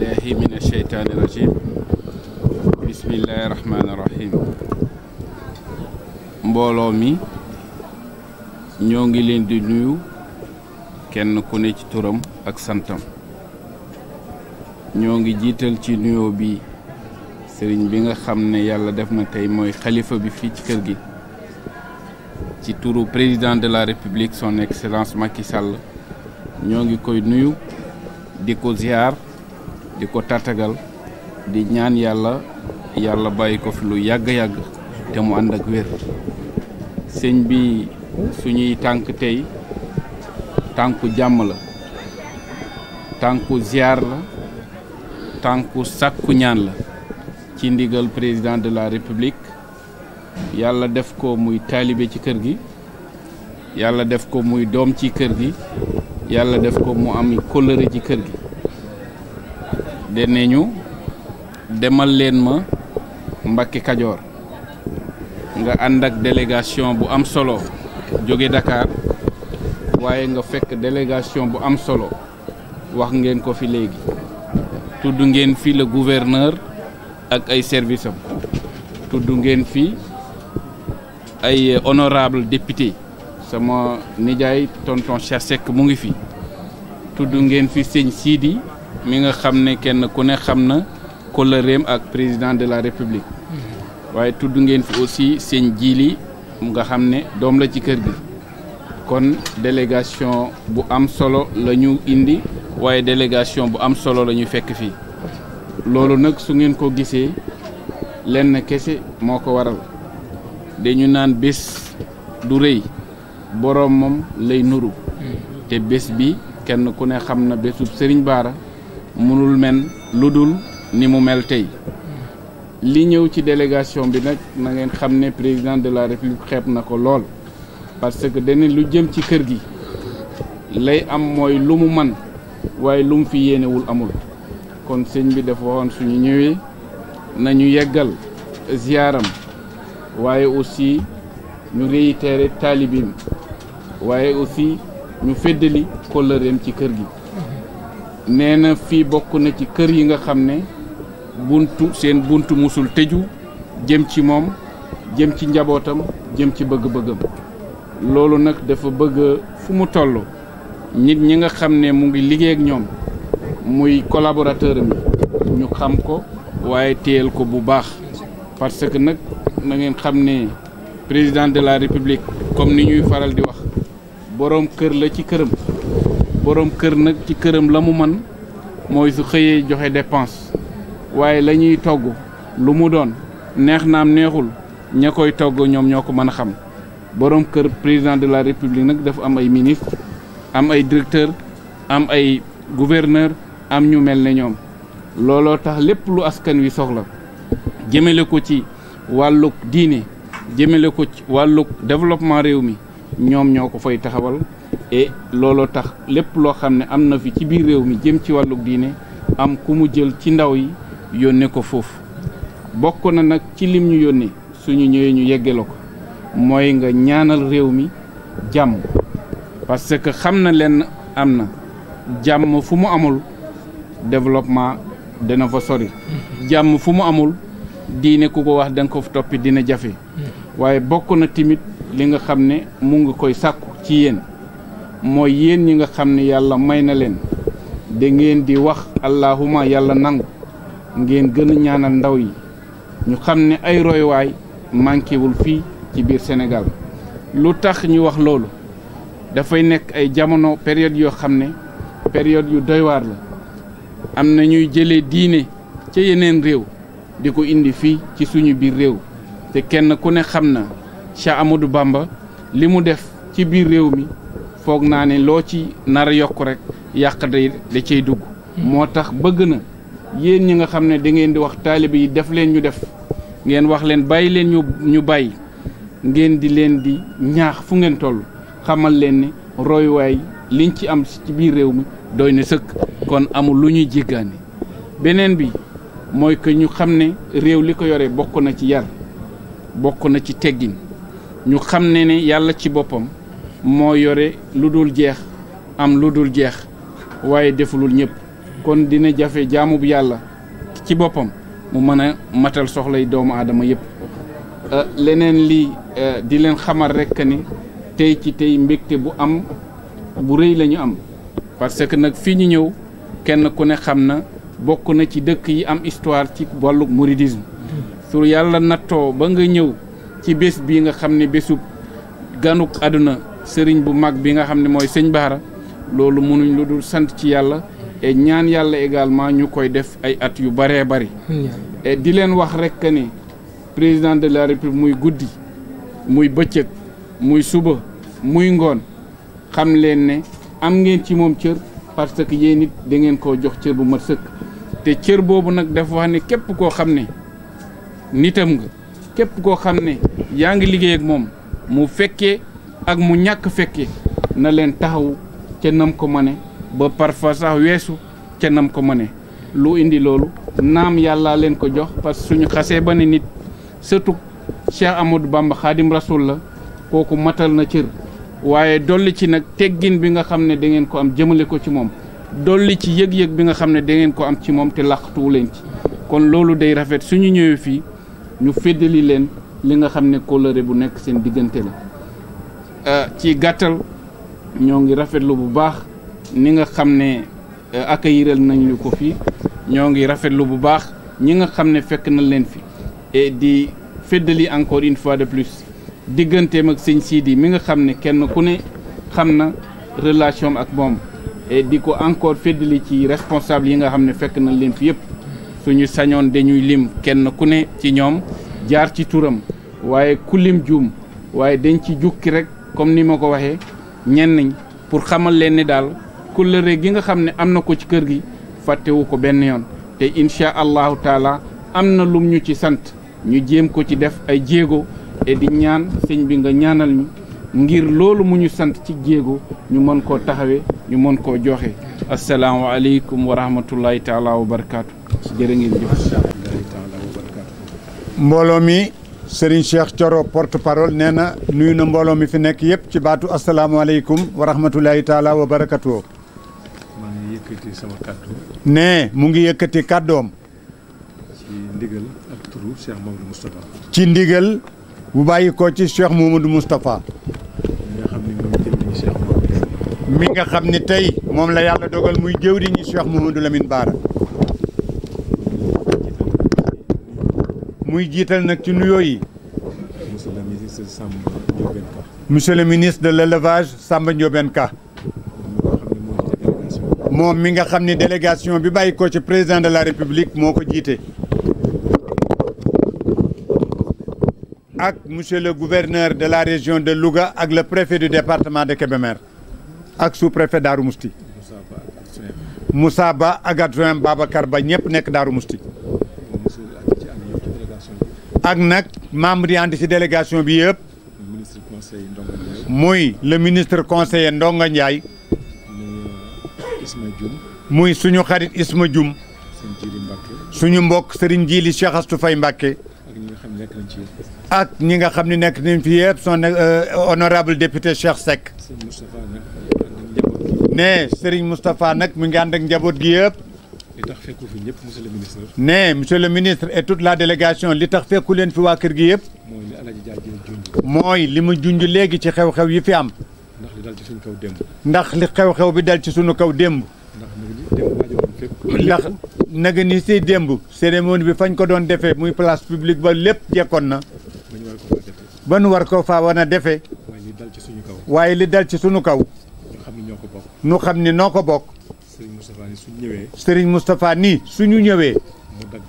billahi min mbooloo mi ñoo ngi leen di nuyu kenn ku ne ci turam ak santam ñoo ngi jiital ci nuyoo bi sëriñ bi nga xam ne yàlla def na tey mooy xalifa bi fii ci kër gi ci turu président de la république son excellence Macky sàll ñoo ngi koy nuyu di ko ziar di ko tartagal di ñaan yàlla yàlla bàyyi ko fi lu yàgg-yàgg te mu ànd ak wér sëñ bi suñuy tànk tey tànku jàmm la tànku ziar la tànku sàkku ñaan la ci ndigal président de la république yàlla def ko muy taalibe ci kër gi yàlla def ko muy doom ci kër gi yàlla def ko mu am kóllëre ci kër gi dene ñu demal leen ma Mbacke Kajoor nga ànd ak délégation bu am solo jóge Dakar waaye nga fekk délégation bu am solo wax ngeen ko fi léegi tudd ngeen fi le gouverneur ak ay service am tudd ngeen fi ay euh, honorable député sama nijaay tonton Cheikh Seck mu ngi fi tudd ngeen fi sëñ Sidi mi nga xam ne kenn ku ne xam na kóllëreem ak président de la république mhm. waaye tudd ngeen fi aussi seen jiili mu nga xam ne doom la ci kër gi kon délégation bu am solo la ñu indi waaye délégation bu am solo la ñu fekk fii loolu nag su ngeen ko gisee lenn kese moo ko waral dañu naan bés du rëy moom lay nuru mhm. te bés bi kenn ku ne xam na bésub Sëriñ Baara mënul men lu dul ni mu mel tey li ñëw ci délégation bi nag na ngeen xam ne président de la république xeeb na ko lool parce que dañ lu jëm ci kër gi lay am mooy lu mu man waaye lu mu fi yéenewul amul kon sëñ bi dafa waxoon suñu ñëwee nañu yeggal ziyaaram waaye aussi ñu réitéré taalibim waaye aussi ñu feddali kóllëreem ci kër gi nee na fii bokk na ci kër yi nga xam ne buntu seen buntu musul tëju jëm ci moom jëm ci njabootam jëm ci bëgg-bëggam loolu nag dafa bëgg fu mu tollu nit ñi nga xam ne mu ngi liggéey ak ñoom muy collaborateur am ñu xam ko waaye téyel ko bu baax parce que nag na ngeen xam ne président de la république comme ni ñuy faral di wax borom kër la ci këram borom kër nag ci këram la mu man mooy su xëyee joxe dépense waaye la ñuy togg lu mu doon neex naam neexul ña koy togg ñoom ñoo ko mën a xam borom kër président de la république nag dafa am ay ministre am ay directeur am ay gouverneur am ñu mel ne ñoom looloo tax lépp lu askan wi soxla jëmale ko ci wàllug diine jëmale ko ci wàllug développement réew mi ñoom ñoo ko fay taxawal et looloo tax lépp loo xam ne am na fi ci biir réew mi jëm ci wàllu diine am ku mu jël ci ndaw yi yónnee ko foofu bokk na nag ci lim ñu yónnee suñu ñëwee ñu yeggale ko mooy nga ñaanal réew mi jàmm parce que xam na leen am na jàmm fu mu amul développement dana fa sori jàmm fu mu amul diine ku ko wax da nga ko toppi dina jafe hmm. waaye bokk na tamit li nga xam ne mu ngi koy sàkku ci yéen mooy yéen ñi nga xam ne yàlla may na leen da ngeen di wax allahuma yàlla nangu ngeen gën a ñaanal ndaw yi ñu xam ne ay roywaay manqué wul fii ci biir senegal lu tax ñu wax loolu dafay nekk ay jamono période yoo xam ne période yu doy la am na ñuy jëlee diine ca yeneen réew di ko indi fii ci suñu biir réew te kenn ku ne xam na Cheikh Amadou Bamba li mu def ci biir réew mi foog naa ne loo ci nar yokk rek yàq day da cay dugg. moo tax bëgg na yéen ñi nga xam ne da di wax taalibe yi def leen ñu def ngeen wax leen bàyyi leen ñu ñu bàyyi ngeen di leen di ñaax fu ngeen toll xamal leen ne royuwaay liñ ci am ci biir réew mi doy na sëkk. kon amul lu ñuy jéggaane beneen bi mooy que ñu xam ne réew li ko yore bokk na ci yar bokk na ci teggin ñu xam ne ne yàlla ci boppam. moo yore lu dul jeex am lu dul jeex waaye defulul ñëpp kon dina jafe jaamu bu yàlla ci boppam mu mën a matal soxlay doomu aadama yëpp euh, leneen lii euh, di leen xamal rekk ni tey ci tey mbégte bu am bu rëy lañu am parce que nag fii ñu ñëw kenn ku ne xam na bokk na ci dëkk yi am histoire ci wàllu mouridisme su yàlla nattoo ba nga ñëw ci bés bi nga xam ne bésub ganuk àdduna sëriñ bu mag bi nga xam ne mooy sëñ Baara loolu mënuñ lu dul sant ci yàlla et ñaan yàlla également ñu koy def ay at yu bëree bëri. E di leen wax rek ni président de la république muy guddi muy bëccëg muy suba muy ngoon xam leen ne am ngeen ci moom cër parce que yéen dangeen da koo jox cër bu mat sëkk. te cër boobu nag dafa wax ne képp koo xam ne nitam nga képp koo xam ne yaa ngi liggéey ak moom mu fekkee. ak mu ñàkk fekke na leen taxaw ca nam ko ma ne ba parfois weesu ca nam ko ma ne lu indi loolu naam yàlla leen ko jox parce que suñu xasee ba ne nit surtout Cheikh Amadou Bamba Xaadim Rasul la kooku matal na cër waaye dolli ci nag teggin bi nga xam ne dangeen ko am jëmale ko ci moom dolli ci yëg-yëg bi nga xam ne dangeen ko am ci moom te laqtuwu leen ci kon loolu day rafet suñu ñëwee fii ñu féddali leen li nga xam ne kóllëre bu nekk seen diggante la Euh, ci gàttal ñoo ngi rafetlu bu baax ni nga xam ne euh, accueilliral nañu ko fii ñoo ngi rafetlu bu baax ñi nga xam ne fekk na leen fi di feddali encore une fois de plus digganteem ak sëñ Sidi mi nga xam ne kenn ku ne xam na relation ak moom di ko encore feddali ci responsable yi nga xam ne fekk na leen fi yëpp suñu sañoon dañuy lim kenn ku ne ci ñoom jaar ci turam waaye ku lim juum waaye dañ ci jukki rek comme ni ma ko waxee ñenn ñi pour xamal leen ni daal kóllëre gi nga xam ne am na ko ci kër gi fàttewu ko benn yoon te incha allahu taala am na lum ñu ci sant ñu jéem ko ci def ay jéego et di ñaan sëñ bi nga ñaanal ñu ngir loolu mu ñu sant ci jéego ñu mën koo taxawe ñu mën koo joxe asalaamaaleykum wa rahmatullahi taala wa barakaatu jërë ngeen jëf Serigne Cheikh Thioro porte parole nee na nuyu na mbooloo mi fi nekk yëpp ci baatu asalaamaaleykum wa rahmatulahi taala wa barakatuh. nee mu ngi yëkkati kàddoom. ci ndigal ak turu Cheikh Mamadou Moustapha. ci ndigal bu bàyyi ko ci Cheikh Mamadou Moustapha. mi nga xam ni tey moom la yàlla dogal muy jëwriñu Cheikh Mamadou Lamine Bara. muy jiital nag ci nuyoo yi. monsieur le ministre de l' élevage Samba Ndiobène moom mi nga xam ni délégation bi bàyyi ko ci président de la république moo ko jiite. ak monsieur le gouverneur de la région de Louga ak le préfet du département de Kébémer ak sous-préfet Darou Mousti. Moussa Ba ak adjoint Ba ñëpp nekk daaru Mousti. ak nag membre yi ànd ci délégation bi yëpp. muy le ministre conseiller Ndonga Ndiaye. muy suñu xarit Isma Dioum. suñu mbokk Serigne Djili Cheikh Astou Faye Mbacké. ak ñi nga xam ni nekk nañ fi yëpp son euh, honorable député Cheikh Seck. ne Serigne Moustapha nag mu ngi ànd ak njaboot gi yëpp. li tax fekku fi le ministre. ne la délégation li tax fekku leen fi waa kër gi yëpp. mooy li ma Dia léegi ci xew-xew yi fi am. ndax li dal ndax xew-xew bi dal ci suñu kaw démb. ndax naga ni si démb cérémonie bi fañ ko doon defee muy place publique ba lépp jekkoon na. ba nu war ko fa war a defee. waaye li dal ci suñu kaw. waaye li dal kaw. xam ni noo ko bokk. suñu ñëwee. sëriñ Moustapha nii suñu ñëwee. mu dagg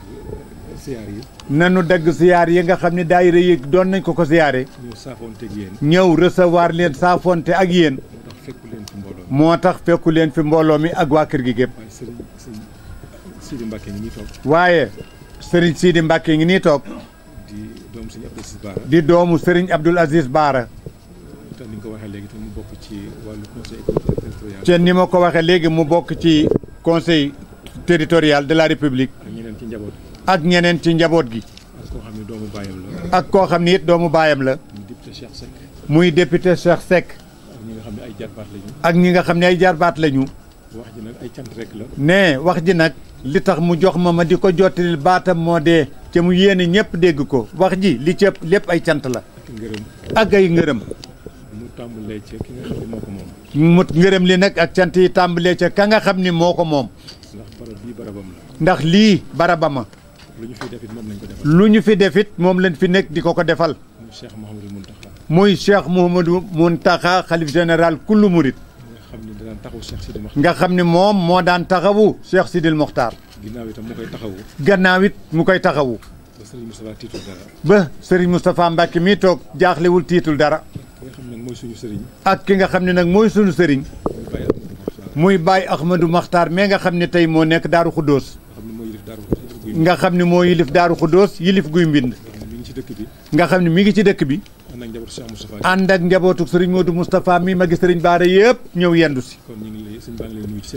siyaar yi. nanu dagg siyaar yi nga xam ne daayira yi doon nañ ko ko siyaare. ñëw saafonte ak yéen. ñëw recevoir leen saafonte ak yéen. moo tax fekku leen fi mbooloo mi ak waa kër gi gépp waaye sëriñ Sidi Mbacke ngi nii toog. di doomu sëriñ Abdoul Aziz Baara. di doomu sëriñ Abdoul Aziz te ni ko waxee léegi mu bokk ci ni ma ko waxee léegi mu bokk ci conseil territorial de la république. ak ñeneen ci njaboot gi. ak ñeneen ci njaboot gi. koo xam ne doomu baayam la. ak koo xam ne it doomu baayam la. muy député Cheikh Seck. muy député Cheikh Seck. ak ñi nga xam ne ay jarbaat lañu. ak ñi nga xam ne ay jarbaat lañu. wax ji nag ay rek la. nee wax ji nag li tax mu jox ma ma di ko jottalil baatam moo dee. ca mu yéene ñëpp dégg ko wax ji li cëpp lépp ay cant la. ak ay ngërëm. tàmbalee ca ki nga xam ne moo ngërëm li nag ak cant yi tàmbalee ca ka nga xam ni moo ko moom. ndax barab bii barabam ndax lii barabama. lu ñu fi def it moom lañ ko defal. lu ñu fi def it moom lañ fi nekk di ko ko defal. muy Cheikh mu Mountakha. muy Cheikh Mouhamadou Mountakha xalif général kullu murit. nga xam ne moom moo daan taxawu Cheikh Sidil Mokhtar. gannaaw it mu koy taxawu. gannaaw it mu koy taxawu. ba sëriñ Moustapha Mbacke mii toog jaaxlewul tiitul dara. ak ki nga xam ne nag mooy suñu sëriñ. muy bàyyi Ahmadou Makhtar mais nga xam ne tey moo nekk Daaru Xuddoos. nga xam ne moo yilif Daaru Xuddoos yilif guy mbind. nga xam ne mi ngi ci dëkk bi. ànd ak njabootu sëriñ Modou Moustapha mii ma gis sëriñ Baara yëpp ñëw yendu si.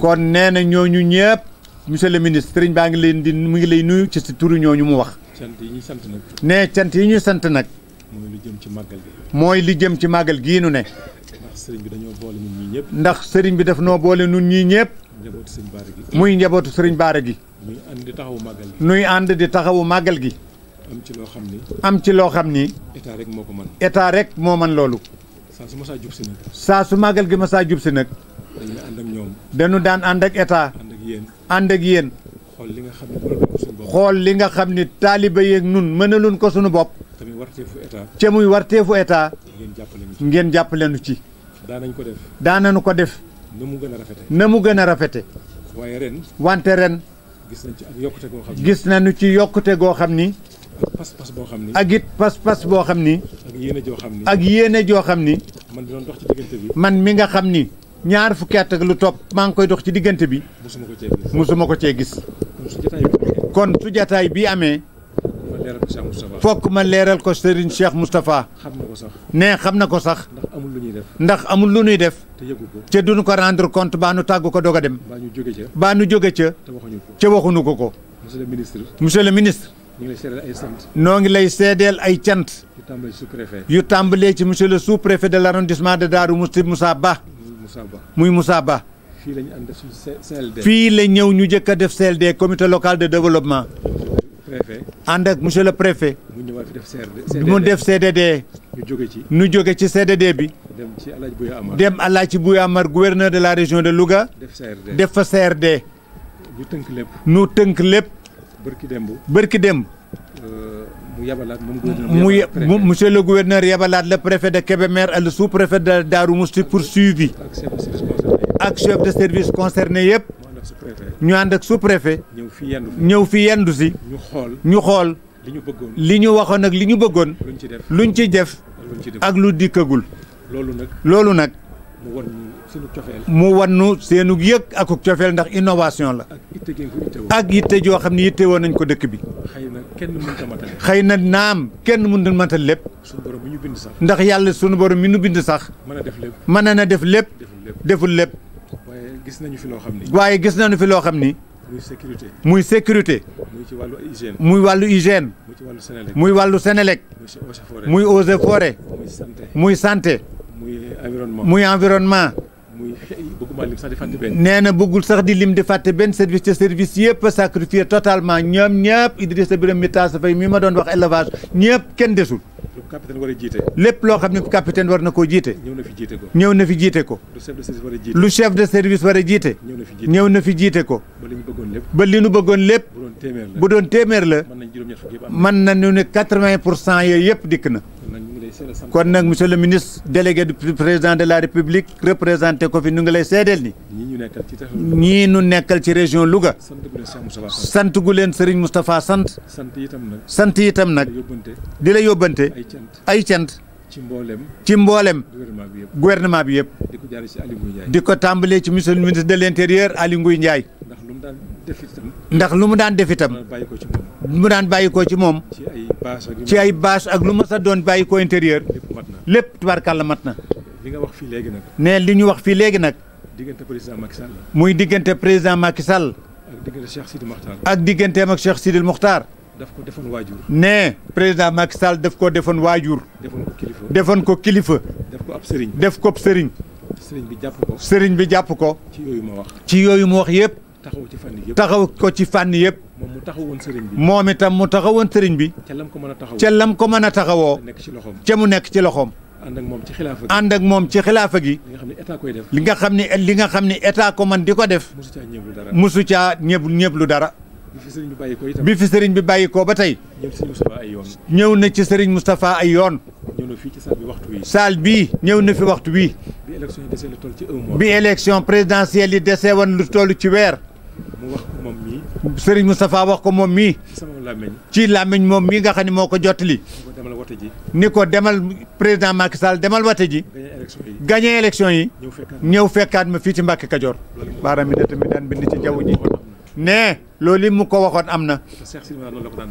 kon nee na ñooñu ñëpp. monsieur le ministre sëriñ baa ngi leen di mu ngi lay nuyu ci si turu mu wax. cant yi ñuy sant nag. nee cant yi ñuy sant nag. mooy li jëm ci màggal gi. mooy li jëm ci màggal gii nu ne. bi dañoo boole ñëpp. ndax sëriñ bi daf noo boole ñun ñii ñëpp. njabootu sëriñ baara gi. muy njabootu sëriñ baara gi. nuy ànd di taxawu màggal gi. nuy ànd di taxawu màggal gi. am ci loo xam ni. am ci loo xam ni. état rek moo ko man état rek moo mën loolu. saa su ma saa jub saa su màggal gi ma saa jub si nag. dañu ànd ak ñoom. dañu daan ànd ak état. ànd ak yéen ànd ak yéen. xool li nga xam ne mënaluñ ko xool li nga xam ne taaliba yeeg nun mënaluñ ko sunu bopp. te muy warteefu état. te muy warteefu état. ngeen jàppale ñu ci ngeen jàppale ñu ci. daanañ ko def. daanañu ko def. na mu gën a rafete na mu gën a rafete waaye ren. wante ren. gis nañ ci ak yokkute goo xam ni. gis nañu ci yokkute goo xam ni. ak pas-pas boo xam ni. ak it pas-pas boo xam ni. ak yéene joo xam ni. ak yéene joo xam ni. man mi doon dox ci diggante bi. man mi nga xam ni. ñaar fukki at lu topp maa ngi koy dox ci diggante bi. musuma ko cee gis musuma ko cee gis. kon su jataay bi amee. fokk ma leeral ko Serigne Cheikh Moustapha. ne xam na ko sax. ndax amul lu ñuy def. ndax amul lu ñuy def. te yëgu ko ko rendre compte baa nu tàggu ko doog a dem. baa nu jóge ca. baa nu jóge ca. te waxuñu ko ca waxuñu ko ko. monsieur le ministre. le ministre. ñu ngi ay sant. noo ngi lay seedeel ay cant. yu tàmbalee ci sous préfet. yu tàmbalee ci monsieur de l'arrondissement de Darou Mousty Moussa Ba. muy Moussa Ba fii la ñu ànd def CLD ñëw ñu jëkk a def CLD comité local de développement. ànd ak monsieur le préfet. mu def CRD mu def CDD. ñu jóge ci ñu jóge ci CDD bi. dem ci El Hadj Bouya Amar dem El Hadj Bouya de la région de Louga. def CRD def fa CRD. ñu tënk lépp tënk lépp. bërki demb euh, mu yabalaat moom monsieur le gouverneur yabalaat le préfet de Kébémer ak le sous préfet de Darou Mousty poursuivi ak chef de service concerné yëpp ñu ànd ak sous préfet ñëw fi yendu si ñu xool li ñu waxoon ak li ñu bëggoon luñ ci def ak lu dikkagul loolu nag. mu wannu seenu yëg akuk cofeel ndax innovation la ak yitte joo xam ne yitte woon nañ ko dëkk bi xëy na naam kenn mun mënta matal lépp ndax yàlla sunu borom mi nu bind sax mën na def lépp deful lépp waaye gis nañu fi loo xam ni muy sécurité muy sécurité muy wàllu hygiène muy wàllu Sénélec muy eaux et forêt muy santé muy environnement muy bëggul sax di lim di fàtte benn service te service yëpp sacrifié totalement ñoom ñëpp Idrissa Birame mi taas fay mi ma doon wax élevage ñëpp kenn desul. lépp loo xam ne capitaine war na koo jiite. ñëw na fi jiite ko. lu chef de service war a jiite. a jiite. ñëw na fi jiite ko. ba li bëggoon lépp. bu doon téeméer la bu doon téeméer ne quatre-vingt dikk na. kon nag monsieur le ministre délégué du président de la république représenté ko fi ñu ngi lay seedeel ni ñii ñu nekkal ci région Louga sant gu leen Serigne Moustapha sant sant itam nag di la yóbbante ay cant ci mboolem. ci mboolem. gouvernement bi yëpp gouvernement bi yëpp. di ko jaaree ci Aliou Ngouye Ndiaye. di ko tàmbalee ci monsieur le ministre de l' intérieur Aliou Ngouye ndax lu mu daan def itam. ndax lu mu daan def itam. mu daan bàyyi ci moom. ci ay bâche ak ci ay bâche ak lu ma sa doon bàyyi ko intérieur. lépp mat na lépp mat na. li nga wax fii léegi nag. ne li ñu wax fii léegi nag. diggante président Macky muy diggante président Macky Sall. ak diggante Cheikh Sidi Mokhtar. ak digganteem ak Cheikh Sidi Mokhtar. daf ko defoon waajur. nee président Macky Sall daf ko defoon waajur. defoon ko kilifa defoon ko kilifa. def ko ab sëriñ def ko ab sëriñ. bi jàpp ko. sëriñ bi jàpp ko. ci yooyu ma wax. ci yooyu ma wax yëpp. taxaw ci fànn yëpp taxaw ko ci fànn yëpp. moom mu taxawoon sëriñ bi. moom itam mu taxawoon sëriñ bi. ca lam ko mën a taxawoo ca lam ko mën a taxawoo. nekk ci loxoom ca mu nekk ci loxoom. ànd ak moom ci xilaafa gi ànd ak moom ci gi. li nga xam ne état koy def. li nga xam ne li nga xam ne état ko man di ko def. musu caa ñëblu dara musu caa ñëblu dara bi fi sëriñ bi bàyyi ko itam bi bi bàyyi ba tey. ñëw ci ay yoon. ñëw na ci sëriñ Moustapha ay yoon. ñëw na fii ci salle waxtu wi. salle bii ñëw na fi waxtu wi. bi élection yi desee ci un bi élection présidentielle yi desee woon lu toll ci weer. mu wax moom mii. sëriñ Moustapha wax ko moom mii. ci làmmiñ. ci làmmiñ moom mii nga xam ne moo ko jottali. ni ko demal président Macky Sall demal wate ji. gagné élection yi. ñëw fekkaat ma fii ci Mbàkke Kajoor. baaraam mi ne tamit daan bind ci jaww ji. ne loolu mu ko waxoon am na.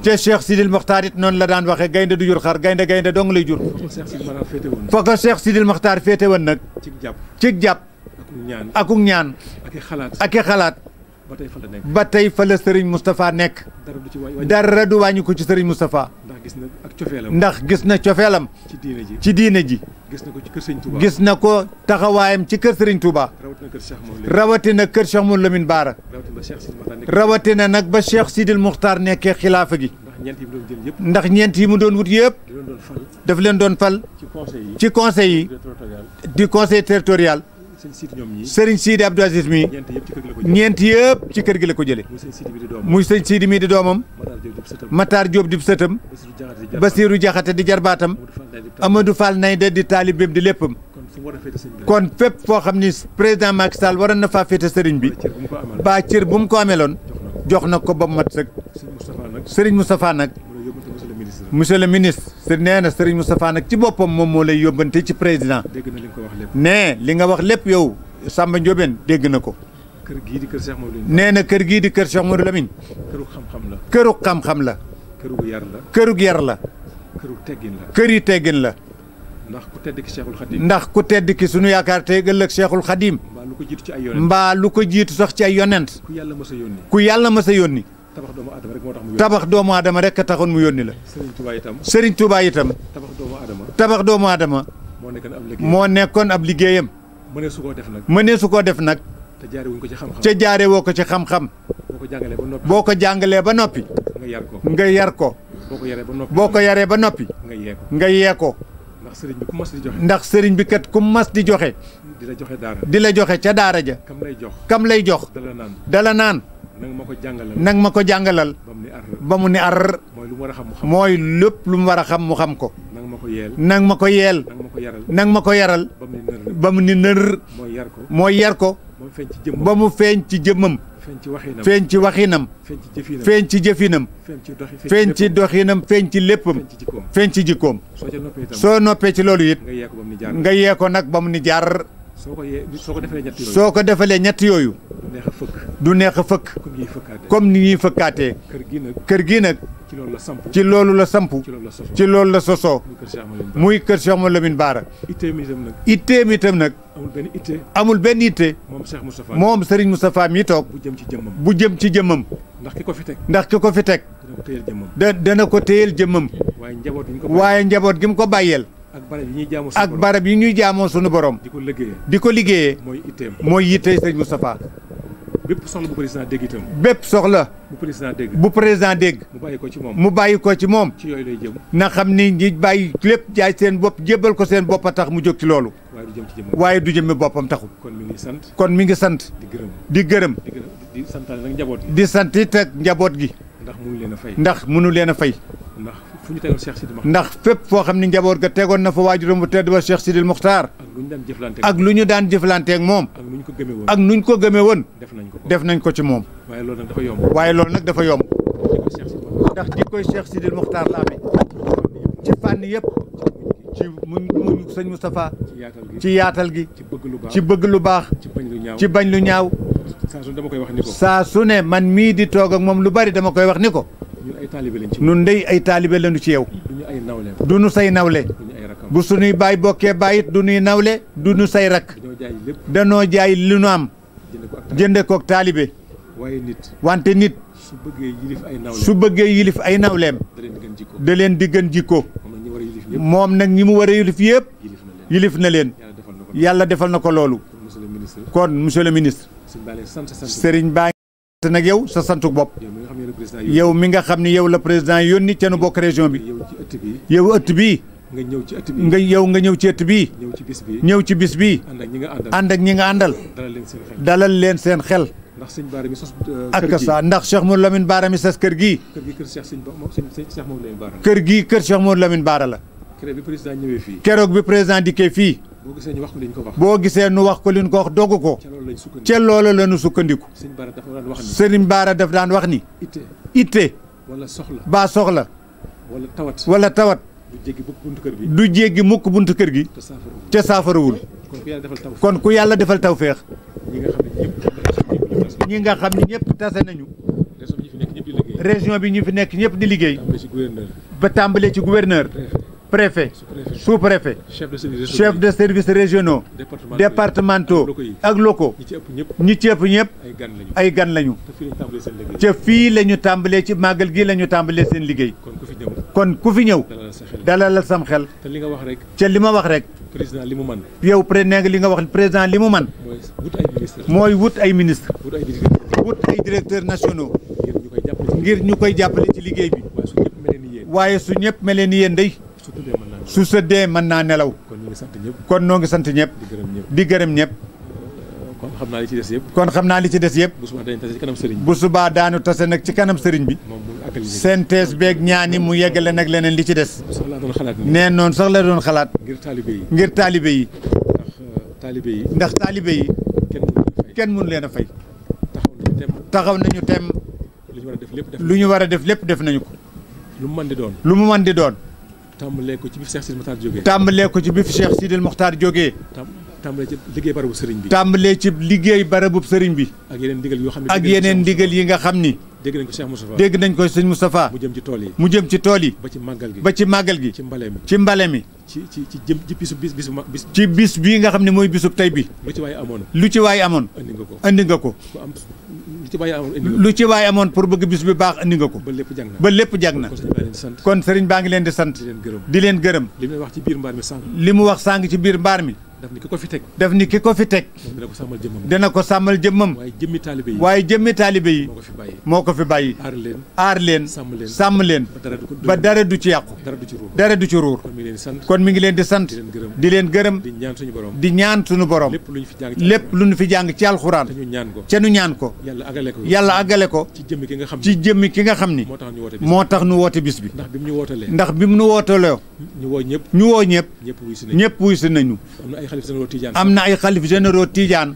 te Cheikh Sidil Mokhtar it noonu la daan waxee gaynde du jur xar gaynde gaynde dong lay jur. foo ko Cheikh Sidil Mokhtar féete woon nag. cig jàpp cig jàpp. akuk ñaan ñaan. ak ak i xalaat. ba tey fa la nekk ba tey fa la Serigne Moustapha nekk. dara du wàññi ko ci Serigne Moustapha. ndax gis na ak cofeelam ndax gis na cofeelam. ci diine ji ci diine ji. gis na ko ci kër Serigne Touba gis na ko taxawaayam ci kër Serigne Touba. rawatina kër Cheikh Mouhamadou Lamine Bara. rawatina nag ba Cheikh Sidil Muxtaar nekkee xilaafa gi. ndax ñeent yi mu doon wut yëpp. daf leen doon fal. ci conseil yi ci conseil yi. di conseil territorial. sëriñ Sidi Abdou Aziz mi ñeent yëpp ci kër gi la ko jëlee muy sëñ Sidi mii di doomam Matar Diop di sëtam Basiirou Jaxate di jarbaatam Amadou Fall Naydé di taalibeem di léppam kon fépp foo xam ni président Macky Sall waroon na faa féete sëriñ bi ba cër bu mu ko ameloon jox na ko ba mu mat sëg sëriñ Moustapha nag. monsieur le ministre se nee na Serigne Moustapha nag ci boppam moom moo lay yóbbante ci président. dégg na li nga wax lépp. nee li nga wax lépp yow Samba Ndiobène dégg na ko. kër gii kër Cheikh Modou nee na kër gii di kër Cheikh Modou Lamine. këru xam-xam la. këru xam la. këru yar la. këru yar la. këru teggin la. kër yi teggin la. ndax ku tedd ki Cheikhul Khadim. ndax ku tedd sunu yaakaar tey ëllëg seexul Khadim. mbaa lu ko jiitu ci ay yonent. mbaa lu ko jiitu sax ci ay yonent. ku yàlla mës a yónni. ku yàlla mës a yónni. tabax doomu aadama rek moo tax mu doomu aadama rek a taxoon mu yónni la. Serigne Touba itam Serigne Touba itam. tabax doomu adama tabax doomu aadama. moo nekkoon ab liggéeyam moo nekkoon ab liggéeyam. mënee su koo def nag mënee su koo def nag. te jaaree wuñ ko ci xam-xam te jaaree woo ko ci xam-xam. boo ko jàngalee ba noppi boo ko jàngalee ba noppi. nga yar ko nga yar ko. boo ko yaree ba noppi boo ko yaree ba noppi. nga yee ko yee ko. ndax sëriñ bi ku mas di joxe. ndax sëriñ bi kat ku mas di joxe. di la joxe daara di la joxe ca daara ja. kam lay jox kam lay jox. dala naan dala naan. nang ma ko jàngalal nang ma ko jàngalal. ba mu ne ar mooy lu mu war a xam mu xam mooy lépp lu mu war a xam mu xam ko. nang ma ko yeel nang ma ko yeel. nang ma ko yaral ba mu ni nër mooy yar ko mooy yar ko. ba mu feeñ ci jëmmam. feeñ ci waxinam feeñ ci waxinam. feeñ ci jëfinam feeñ ci doxinam feeñ ci léppam. feeñ ci jikkoom soo noppee ci loolu it. nga yee ko nag ba mu ni jaar. soo ko defalee ñett yooyu. neex a fëkk. du neex a fëkk. comme ni ñuy fëkkaatee. kër gi nag kër gi nag. ci loolu la sampu ci loolu la sampu. ci loolu la sosoo muy kër Cheikh Mouhamadou Lamine Bara. itteem itam nag. itteem itam nag. amul benn itte. amul benn itte. moom Cheikh Moustapha moom Serigne Moustapha mi toog. bu jëm ci jëmmam bu jëm ci jëmmam. ndax ki ko fi teg. ndax ki ko fi teg. dana ko téyel jëmmam. dana ko téyel jëmmam. waaye njaboot gi mu ko bàyyeel. ak barab yi ñuy jaamoo ak barab yi ñuy jaamoo sunu borom. di ko liggéeyee di ko liggéeyee. mooy itteem mooy yitte sëñ Moustapha. bépp soxla bu président dégg itam. bépp soxla. bu président dégg bu président dégg. mu bàyyi ko ci moom mu bàyyi ko ci moom. ci yooyu lay jëm. na xam ni ngi bàyyi lépp jaay seen bopp jébbal ko seen bopp a tax mu jóg ci loolu. waaye du jëm ci jëmm waaye du jëmmi boppam taxu kon mi ngi sant. kon mi ngi sant. di gërëm di gërëm. sant nag njaboot di sant it ak njaboot gi. ndax mënu leen a fay. ndax mënu leen a fay. ndax fu ñu tegoon Cheikh Sidil ndax fépp foo xam ne njaboot ga tegoon na fa waajuram bu tedd ba Cheikh Sidil Mokhtar ak lu ñu daan jëflanteeg moom ak nuñ ko gëmee woon def nañ ko ci moom waaye lool nag dafa yomb waaye loolu nag dafa yomb ndax di koy Cheikh Sidil Mokhtar la amee ci fànn yëpp ci muñ muñ sëñ Moustapha ci yaatal gi ci bëgg lu baax ci bañ lu ñaaw saa su ne man mii di toog ak moom lu bari dama koy wax ni ko nun ndey ay taalibe lañu ci yow du nu say nawle bu suñuy baay bokkee baayit du nuy nawle du nu say rakk danoo jaay li nu am jënde kook taalibe wante nit su bëggee yilif ay nawleem da leen di gën jikko moom nag ñi mu war a yilif yëpp yilif na leen yàlla defal na ko loolu kon monsieur le ministre sëriñ te nag yow sa mi nga xam ni yow la président yónni te nu bokk région bi yow ëtt nga ñëw ci ëtt bi nga nga ñëw ci ëtt bi ñëw ci bis bii ñëw ci bis bii. ànd ñi nga àndal ànd ñi nga àndal. dalal leen seen xel dalal leen seen xel. ndax sëñ Baara mi sos euh, ak sa ndax Cheikh Modou Lamine Baara mi sos kër gii. kër gii kër Cheikh Modou Baara la. kër fii. keroog bi président dikkee fii. boo gisee ñu wax ko liñ ko wax. boo gisee ñu wax ko liñ ko wax dogg ko. ca loola la ñu sukkandiku. sëriñ Baara dafa daan wax ni. sëriñ Baara daan wax ni. itte itte. wala soxla baa soxla. wala tawat wala tawat. du jéggi mukk bunt kër gi. du jéggi mukk buntu kër gi. te saafarawul kon ku yàlla defal tawféex. ñi nga xam ne ñëpp tase nañu. région bi ñu fi nekk ñëpp di liggéey. ba tàmbalee ci gouverneur. préfet sous-préfet chef de service régionaux départementaux ak locaux ñi ci ëpp ñëpp ay gan lañu ca fii la ñu tàmbalee ci màggel gi la ñu tàmbalee seen liggéey kon ku fi ñëw dalalal sam xel ca li ma wax rek président li mu man yow pré nee li nga wax président li mu man mooy wut ay ministre wut ay directeurs nationaux ngir ñu koy jàppale ci liggéey bi waaye su ñëpp mel ni yéen day su seddee mën naa nelaw. kon ñoo ngi sant ñëpp. kon ñoo ngi sant ñëpp. di gërëm ñëpp gërëm ñëpp. Uh, kon xam naa li ci des yëpp. kon xam naa li ci des yëpp. bu subaa daanu tase ci kanam sëriñ bi. bu subaa daanu tase nag ci kanam sëriñ bi. seen tees beeg ñaani mu yeggale nag leneen li ci des. nee noonu sax la doon xalaat. ngir taalibe yi ngir taalibe yi. ndax uh, taalibe yi. ndax taalibe yi. kenn mënu leen a fay. taxaw nañu tem. lu ñu war a def lépp def nañu ko. lu mu mën di doon. lu mu mën di doon. tàmbalee ko ci bi fi Cheikh Sidil Mokhtar jógee. tàmbalee ko ci bi fi Cheikh Sidil Mokhtar jógee. tàmbalee ci bi. tàmbalee ci liggéey barabu sëriñ bi. ak yeneen ndigal yoo xam ne. ak yeneen ndigal yi nga xam ni. dégg nañ ko Cheikh Moustapha ko sëñ Moustapha mu jëm ci tool yi mu jëm ci tool yi ba ci màggal gi ba ci màggal gi ci mbale mi ci mbale ci ci ci jëm ci bisu bis bisu bis ci nga xam ne mooy bisub tey bi lu ci waay amoon lu ci waay amoon andi nga ko andi nga ko lu ci waay amoon pour bëgg bis bi baax indi nga ko ba lépp jàng na lépp jàng na kon sëriñ baa ngi leen di sant di leen gërëm li mu wax ci biir mbaar mi sànq li mu wax sànq ci biir mbaar mi daf ni ki ko fi teg. daf ni ki ko fi teg. dina ko sàmmal jëmmam. dina ko sàmmal jëmmam. waaye jëmmi taalibe yi. waaye moo ko fi bàyyi. aar leen. sàmm leen ba dara du ci yàqu. dara du ci ruur. dara kon mi ngi leen di sant. kon mi ngi leen di sant. di leen gërëm. di ñaan suñu borom. di ñaan suñu lépp lu ñu fi jàng ci lépp lu ñu fi jàng ci alxuraan. te ñu ñaan ko. te ñu ñaan ko. yàlla agale ko yàlla agale ko. ci jëmmi ki nga xam ni ki nga xam ni. moo tax ñu woote bis bi. ndax bi mu ñu wootalee. ndax bi mu ñu wootalee. ñu woo ñëpp. ñu woo ñëpp. ñëpp wuy si nañu. xalif généraux Tidiane am na ay xalif généraux Tidiane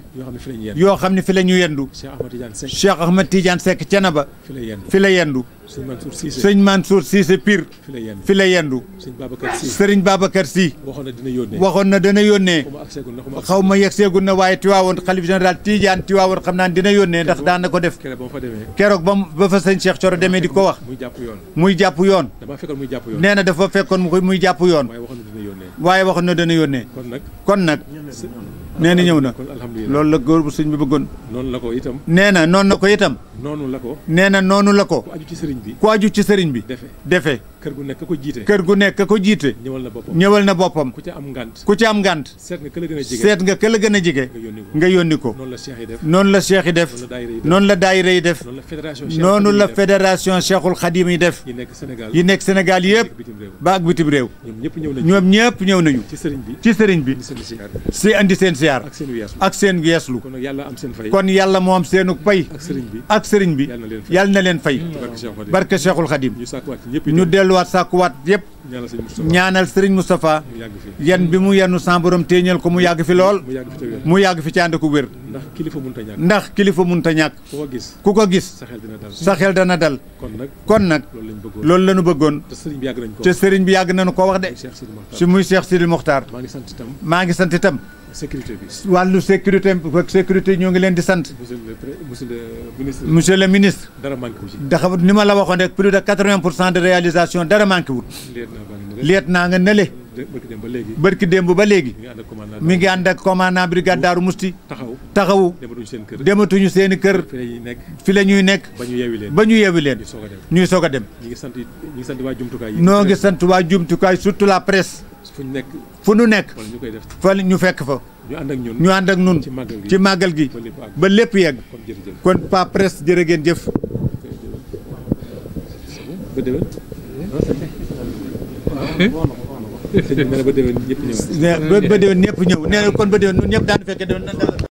yoo xam ne fi la ñu yendu Cheikh Ahmad Tidiane Seck Cenaba fi la yendu sëñ Mansour Cissé sëñ Mansour fi la yendu sëriñ Babacar Sy. waxoon na dina yónnee waxoon na dana xaw ma na waaye Tiwaawoon xalif général Tidiane Tiwaawoon xam naa dina yónnee ndax daan na ko def. keroog ba mu fa demee keroog sëñ Cheikh Coro demee di ko wax. muy jàpp yoon muy jàpp yoon. damaa fekkoon muy jàpp yoon nee na dafa fekkoon muy jàpp yoon. waaye waxoon na dana yónnee. kon nag. nee ni ñëw na loolu la góor bu sëñ bi bëggoon. noonu la ko itam. nee na noonu na ko itam. noonu la ko. nee na noonu la ko. ku aju ci sëriñ bi ku ci sëriñ bi. defe defe. kër gu nekk a jiite. kër gu nekk ko jiite. ñëwal na boppam ñëwal na boppam. ku ci am ngant ku ci am ngant. seet nga këla gën a gën a jige. nga yónni ko noonu la cheikh yi def. noonu la cheikh yi def noonu la daayira yi def yi def. yi nekk Sénégal yëpp ba ak bitim réew. ñoom ñëpp ñëw nañu. ci sëriñ bi si andi seen siyaar ak seen yeeslu. kon yàlla moo am pay. ak sëriñ bi yàlla na leen fay. barke cheikhul xadim ñu dellu delluwaat sàkkuwaat yëpp ñaanal Serigne Moustapha yan bi mu yenu samborom téeñal ko mu yàgg fi lool mu yàgg fi ci ànd ko wér ndax kilifa munta ñàkk ku ko gis sa xel dana dal kon nag loolu la ñu bëggoon te Serigne bi yàgg nañu ko wax de si muy Cheikh Sidil Mokhtar maa ngi sant itam sécurité bi. wàllu sécurité sécurité ñoo ngi leen di sant. monsieur le ministre. monsieur le ministre. ni ma la waxo rek plus de quatre-vingts pour cent de réalisation dara manqué wut. leet naa nga nële. bërki démb ba léegi mi ngi ànd ak commandant brigade Daaru Musti taxawu dematuñu seen i kër fi la ñuy nekk ba ñu yewi leen ñuy soog a dem noo ngi sant waa jumtukaay surtout la presse fu ñu nekk fu ñu nekk. fa ñu fekk fa. ñu ànd ak ñun ñu ànd ak ñun ci màggal gi ba lépp yegg. kon pa presse jërë ngeen jëf. ba déwén ñëpp ñëw ne kon ba déwén ñun ñëpp daan fekkee déwén nan daal